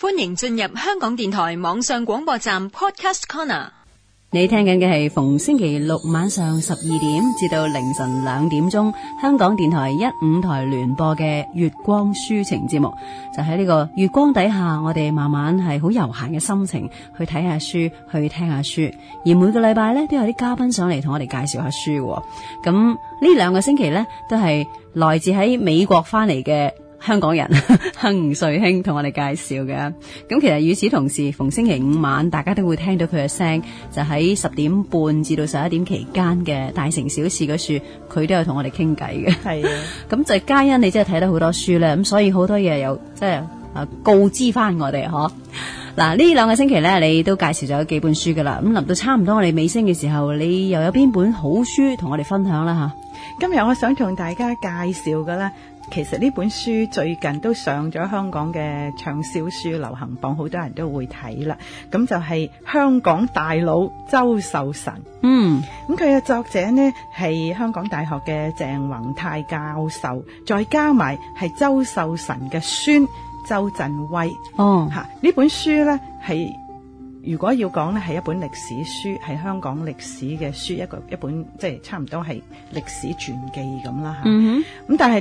歡迎進入香港電台網上廣播站 Podcast Corner。你聽緊嘅係逢星期六晚上十二點至到凌晨兩點鐘，香港電台一五台聯播嘅月光書情節目。就喺、是、呢個月光底下，我哋慢慢係好悠閒嘅心情去睇下書，去聽下書。而每個禮拜呢都有啲嘉賓上嚟同我哋介紹下書。咁呢兩個星期呢，都係來自喺美國翻嚟嘅。香港人，吳瑞卿同我哋介紹嘅。咁其實與此同時，逢星期五晚，大家都會聽到佢嘅聲，就喺十點半至到十一點期間嘅大城小事嘅 書，佢都有同我哋傾偈嘅。係咁就嘉欣，你真係睇到好多書咧，咁所以好多嘢又即係啊告知返我哋嗬。嗱 呢、啊、兩個星期咧，你都介紹咗幾本書噶啦。咁臨到差唔多我哋尾聲嘅時候，你又有邊本好書同我哋分享啦吓？今日我想同大家介紹嘅咧。其實呢本書最近都上咗香港嘅暢銷書流行榜，好多人都會睇啦。咁就係、是、香港大老周壽臣。嗯，咁佢嘅作者呢係香港大學嘅鄭宏泰教授，再加埋係周壽臣嘅孫周振威哦。吓呢本書呢，係如果要講呢係一本歷史書，係香港歷史嘅書一個一本，即、就、係、是、差唔多係歷史傳記咁啦。咁、嗯、但係。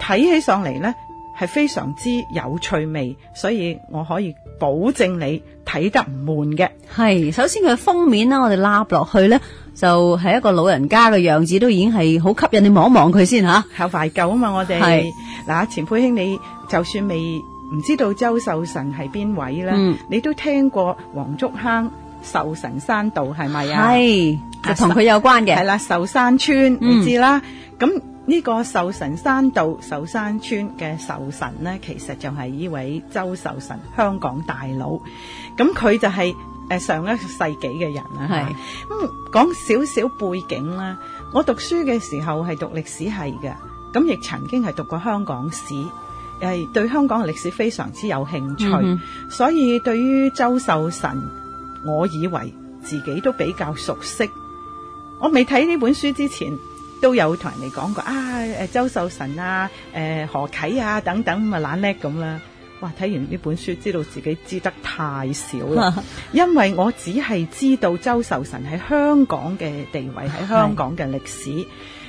睇起上嚟咧，係非常之有趣味，所以我可以保證你睇得唔悶嘅。係，首先佢封面啦，我哋拉落去咧，就係、是、一個老人家嘅樣子，都已經係好吸引你望一望佢先吓。好懷舊啊嘛，我哋係嗱，前輝兄，你就算未唔知道周壽臣係邊位啦、嗯，你都聽過黃竹坑壽臣山道係咪啊？係，就同佢有關嘅。係啦，壽山村，你知啦，咁、嗯。呢、這個壽臣山道壽山村嘅壽臣呢，其實就係呢位周壽臣，香港大老。咁佢就係、是、誒、呃、上一世紀嘅人啦。係咁、啊、講少少背景啦。我讀書嘅時候係讀歷史系嘅，咁亦曾經係讀過香港史，誒對香港嘅歷史非常之有興趣、嗯。所以對於周壽臣，我以為自己都比較熟悉。我未睇呢本書之前，都有同人哋講過啊！周壽臣啊、呃、何啟啊等等咁啊懶叻咁啦！哇！睇完呢本書，知道自己知得太少啦， 因為我只係知道周壽臣喺香港嘅地位喺 香港嘅歷史。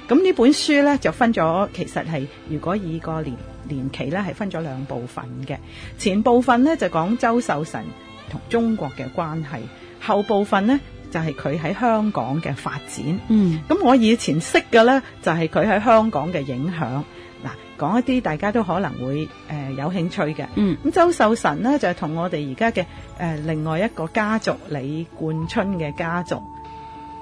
咁呢本書呢，就分咗，其實係如果以個年年期呢，係分咗兩部分嘅，前部分呢，就講周壽臣同中國嘅關係，後部分呢，就係佢喺香港嘅發展。嗯，咁我以前識嘅呢，就係佢喺香港嘅影響。嗱，講一啲大家都可能會誒、呃、有興趣嘅。嗯，咁周壽臣呢，就係、是、同我哋而家嘅誒另外一個家族李冠春嘅家族，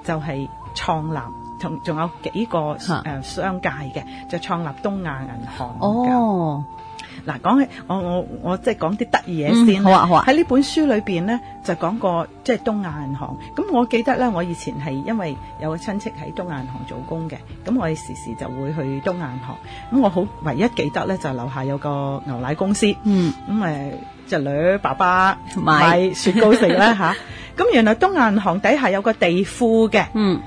就係、是、創立同仲有幾個誒商界嘅、啊，就係、創立東亞銀行。哦。嗱，講起我我我即係講啲得意嘢先好啊、嗯、好啊！喺呢、啊、本書裏邊咧，就講過即係東亞銀行。咁我記得咧，我以前係因為有個親戚喺東亞銀行做工嘅，咁我時時就會去東亞銀行。咁我好唯一記得咧，就是、樓下有個牛奶公司。嗯。咁誒，侄女爸爸買雪糕食啦吓。咁、 啊、原來東亞銀行底下有個地庫嘅。嗯。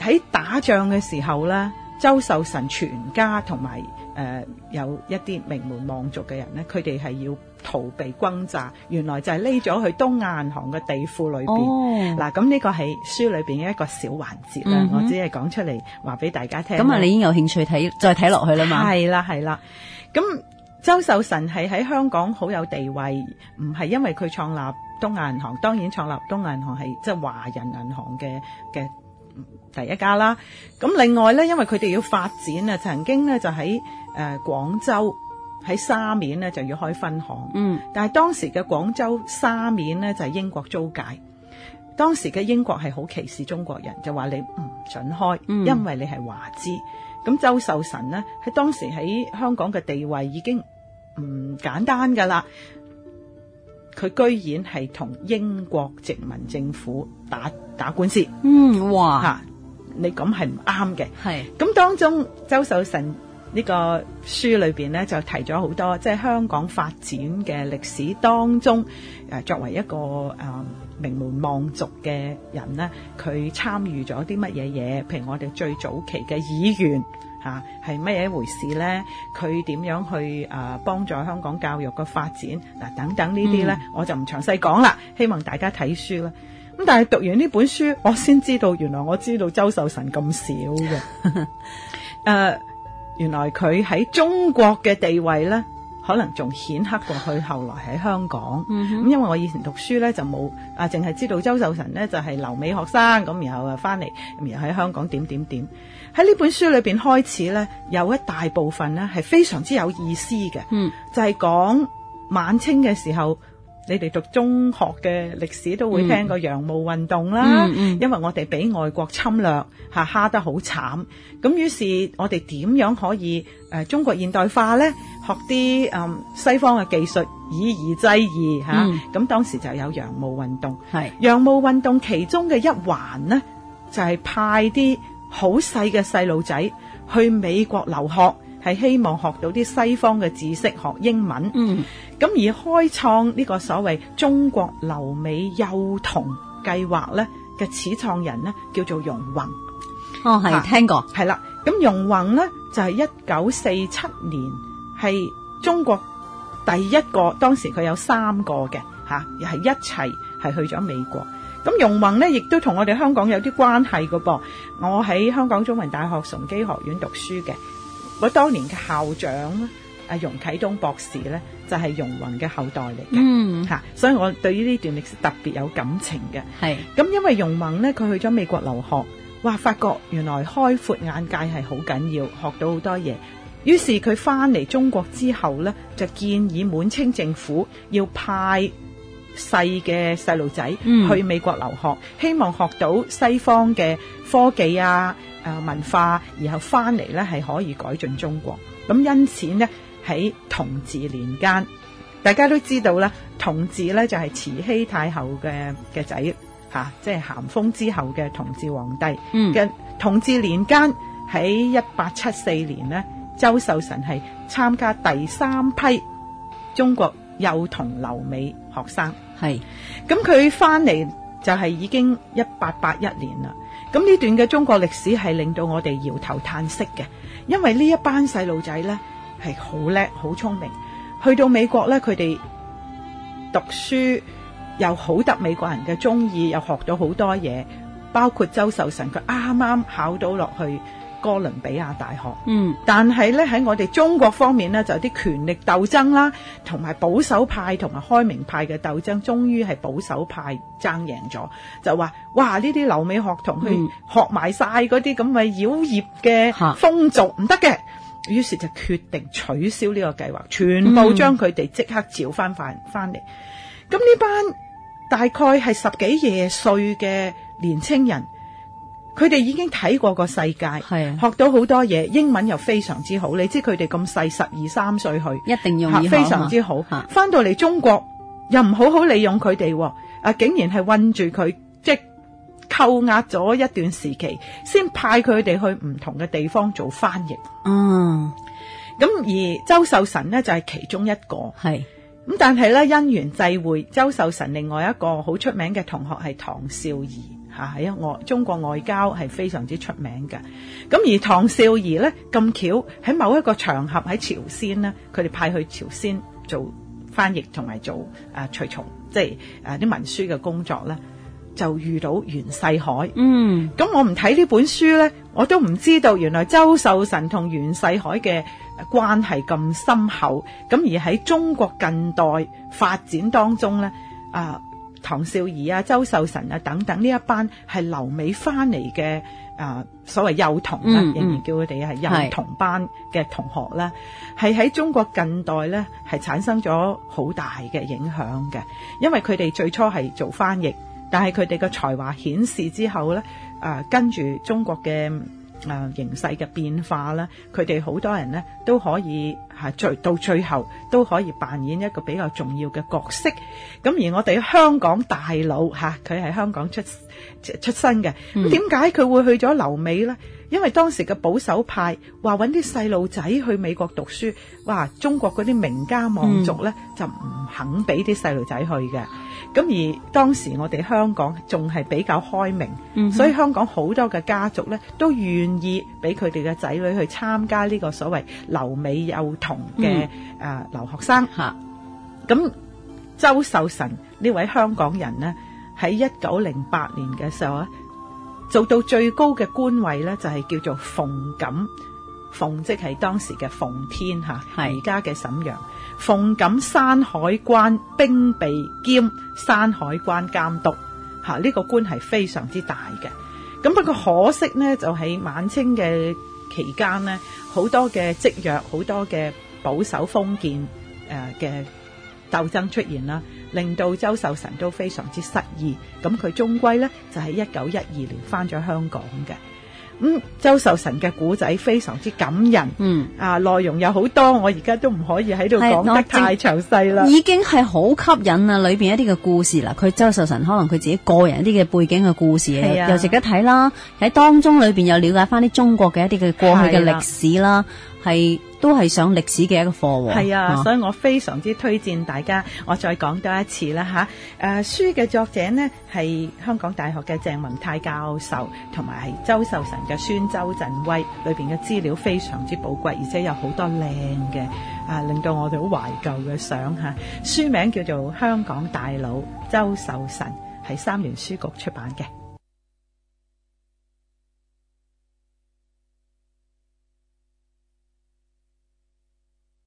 喺打仗嘅時候咧，周壽臣全家同埋。誒、呃，有一啲名門望族嘅人咧，佢哋係要逃避轟炸，原來就係匿咗去東亞銀行嘅地庫裏邊。嗱、哦、咁、啊、呢個係書裏邊嘅一個小環節啦、嗯，我只係講出嚟話俾大家聽。咁、嗯、啊，那你已經有興趣睇，再睇落去啦嘛。係啦，係啦。咁周壽臣係喺香港好有地位，唔係因為佢創立東亞銀行，當然創立東亞銀行係即係華人銀行嘅嘅第一家啦。咁另外咧，因為佢哋要發展啊，曾經咧就喺。誒、呃，廣州喺沙面咧就要開分行，嗯，但係當時嘅廣州沙面咧就係、是、英國租界，當時嘅英國係好歧視中國人，就話你唔准開、嗯，因為你係華資，咁周壽臣呢，喺當時喺香港嘅地位已經唔簡單噶啦，佢居然係同英國殖民政府打打官司，嗯，哇，吓、啊、你咁係唔啱嘅，係，咁當中周壽臣。呢、這個書裏邊咧就提咗好多，即、就、係、是、香港發展嘅歷史當中，誒作為一個誒、呃、名門望族嘅人呢，佢參與咗啲乜嘢嘢？譬如我哋最早期嘅議員嚇係乜嘢一回事呢？佢點樣去誒幫、呃、助香港教育嘅發展嗱、啊、等等這些呢啲呢、嗯，我就唔詳細講啦。希望大家睇書啦。咁但係讀完呢本書，我先知道，原來我知道周壽臣咁少嘅誒。 呃原來佢喺中國嘅地位呢，可能仲顯赫過佢後來喺香港。咁、嗯、因為我以前讀書呢，就冇啊，淨係知道周壽臣呢，就係、是、留美學生，咁然後啊翻嚟，然後喺香港點點點。喺呢本書裏邊開始呢，有一大部分呢，係非常之有意思嘅、嗯，就係、是、講晚清嘅時候。你哋讀中學嘅歷史都會聽過洋務運動啦、嗯嗯嗯，因為我哋俾外國侵略嚇，蝦得好慘。咁於是，我哋點樣可以、呃、中國現代化呢？學啲誒、嗯、西方嘅技術以夷制夷嚇。嗯啊、咁當時就有洋務運動。係洋務運動其中嘅一環呢，就係、是、派啲好細嘅細路仔去美國留學。係希望學到啲西方嘅知識，學英文。咁、嗯、而開創呢個所謂中國留美幼童計劃呢嘅始創人呢叫做容閎。哦，係、啊、聽過。係啦，咁容閎呢，就係一九四七年係中國第一個，當時佢有三個嘅吓，又、啊、係一齊係去咗美國。咁容閎呢，亦都同我哋香港有啲關係噶噃。我喺香港中文大學崇基學院讀書嘅。我當年嘅校長阿、啊、容啟東博士咧，就係、是、容閎嘅後代嚟嘅，吓、嗯，所以我對於呢段歷史特別有感情嘅。係咁，因為容閎咧，佢去咗美國留學，哇，發覺原來開闊眼界係好緊要，學到好多嘢。於是佢翻嚟中國之後咧，就建議滿清政府要派細嘅細路仔去美國留學，嗯，希望學到西方嘅科技啊。誒、文化然後翻嚟咧，係可以改進中國，咁因此呢，喺同治年間，大家都知道啦，同治呢，就係慈禧太后嘅嘅仔吓，即係，啊，就是咸豐之後嘅同治皇帝。嘅同治年間喺一八七四年呢，周壽臣係參加第三批中國幼童留美學生，係咁佢翻嚟就係已經一八八一年啦。咁呢段嘅中國歷史係令到我哋搖頭嘆息嘅，因為呢一班細路仔呢係好叻，好聰，聰明，去到美國呢，佢哋讀書又好得美國人嘅中意，又學到好多嘢，包括周壽臣佢啱啱考到落去。哥倫比亞大學，嗯，但係咧喺我哋中國方面咧，就有啲權力鬥爭啦，同埋保守派同埋開明派嘅鬥爭，終於係保守派爭贏咗，就話哇呢啲留美學童，嗯、學埋曬嗰啲咁嘅妖孽嘅風俗唔得嘅，於是就決定取消呢個計劃，全部將佢哋即刻召翻返翻嚟。咁、嗯、呢班大概係十幾廿歲嘅年輕人。佢哋已經睇過個世界，啊、學到好多嘢，英文又非常之好。你知佢哋咁細，十二三歲去，一定要非常之好。翻、啊、到嚟中國又唔好好利用佢哋，啊，竟然係困住佢，即扣押咗一段時期，先派佢哋去唔同嘅地方做翻譯。嗯，咁而周壽臣呢，就係、是、其中一個，係咁，但係呢，因緣際會，周壽臣另外一個好出名嘅同學係唐少儀。喺外、啊、中國外交係非常之出名嘅。咁而唐紹儀呢，咁巧喺某一個場合喺朝鮮呢，佢哋派去朝鮮做翻譯同埋做隨從、啊，即係誒啲文書嘅工作呢，就遇到袁世凱。嗯，咁我唔睇呢本書呢，我都唔知道原來周壽臣同袁世凱嘅關係咁深厚。咁而喺中國近代發展當中呢，啊～唐少儀啊、周壽臣啊等等呢一班係留美翻嚟嘅啊，所謂幼童啊，嗯、仍然叫佢哋係幼童班嘅同學咧，係喺中國近代咧係產生咗好大嘅影響嘅，因為佢哋最初係做翻譯，但係佢哋嘅才華顯示之後咧，啊、呃、跟住中國嘅啊、呃、形勢嘅變化咧，佢哋好多人咧都可以。係、啊、最到最後都可以扮演一個比較重要嘅角色。咁而我哋香港大老吓，佢、啊、喺香港出出生嘅，點解佢會去咗留美咧？因為當時嘅保守派話揾啲細路仔去美國讀書，哇！中國嗰啲名家望族咧、嗯、就唔肯俾啲細路仔去嘅。咁而當時我哋香港仲係比較開明，嗯、所以香港好多嘅家族咧都願意俾佢哋嘅仔女去參加呢個所謂留美幼。同嘅誒留學生咁、啊、周壽臣呢位香港人呢，喺一九零八年嘅時候做到最高嘅官位呢，就係、是、叫做奉錦，奉即係當時嘅奉天嚇，而家嘅瀋陽奉錦山海關兵備兼山海關監督吓呢、啊，這個官係非常之大嘅。咁不過可惜呢，就喺、是、晚清嘅。期間呢，好多嘅積弱，好多嘅保守封建誒嘅、呃、鬥爭出現啦，令到周壽臣都非常之失意。咁佢終歸咧就係一九一二年返咗香港嘅。咁、嗯、周壽臣嘅古仔非常之感人，嗯啊內容有好多，我而家都唔可以喺度講得太詳細啦，已經係好吸引啊！裏邊一啲嘅故事啦，佢周壽臣可能佢自己個人一啲嘅背景嘅故事，係啊，又值得睇啦。喺當中裏邊又了解翻啲中國嘅一啲嘅過去嘅歷史、啊、啦。係都係上歷史嘅一個課喎，是啊、哦，所以我非常之推薦大家，我再講多一次啦吓、啊，書嘅作者呢係香港大學嘅鄭宏泰教授，同埋係周壽臣嘅孫周振威，裏面嘅資料非常之寶貴，而且有好多靚嘅啊，令到我哋好懷舊嘅相、啊、書名叫做《香港大老》，周壽臣喺三聯書局出版嘅。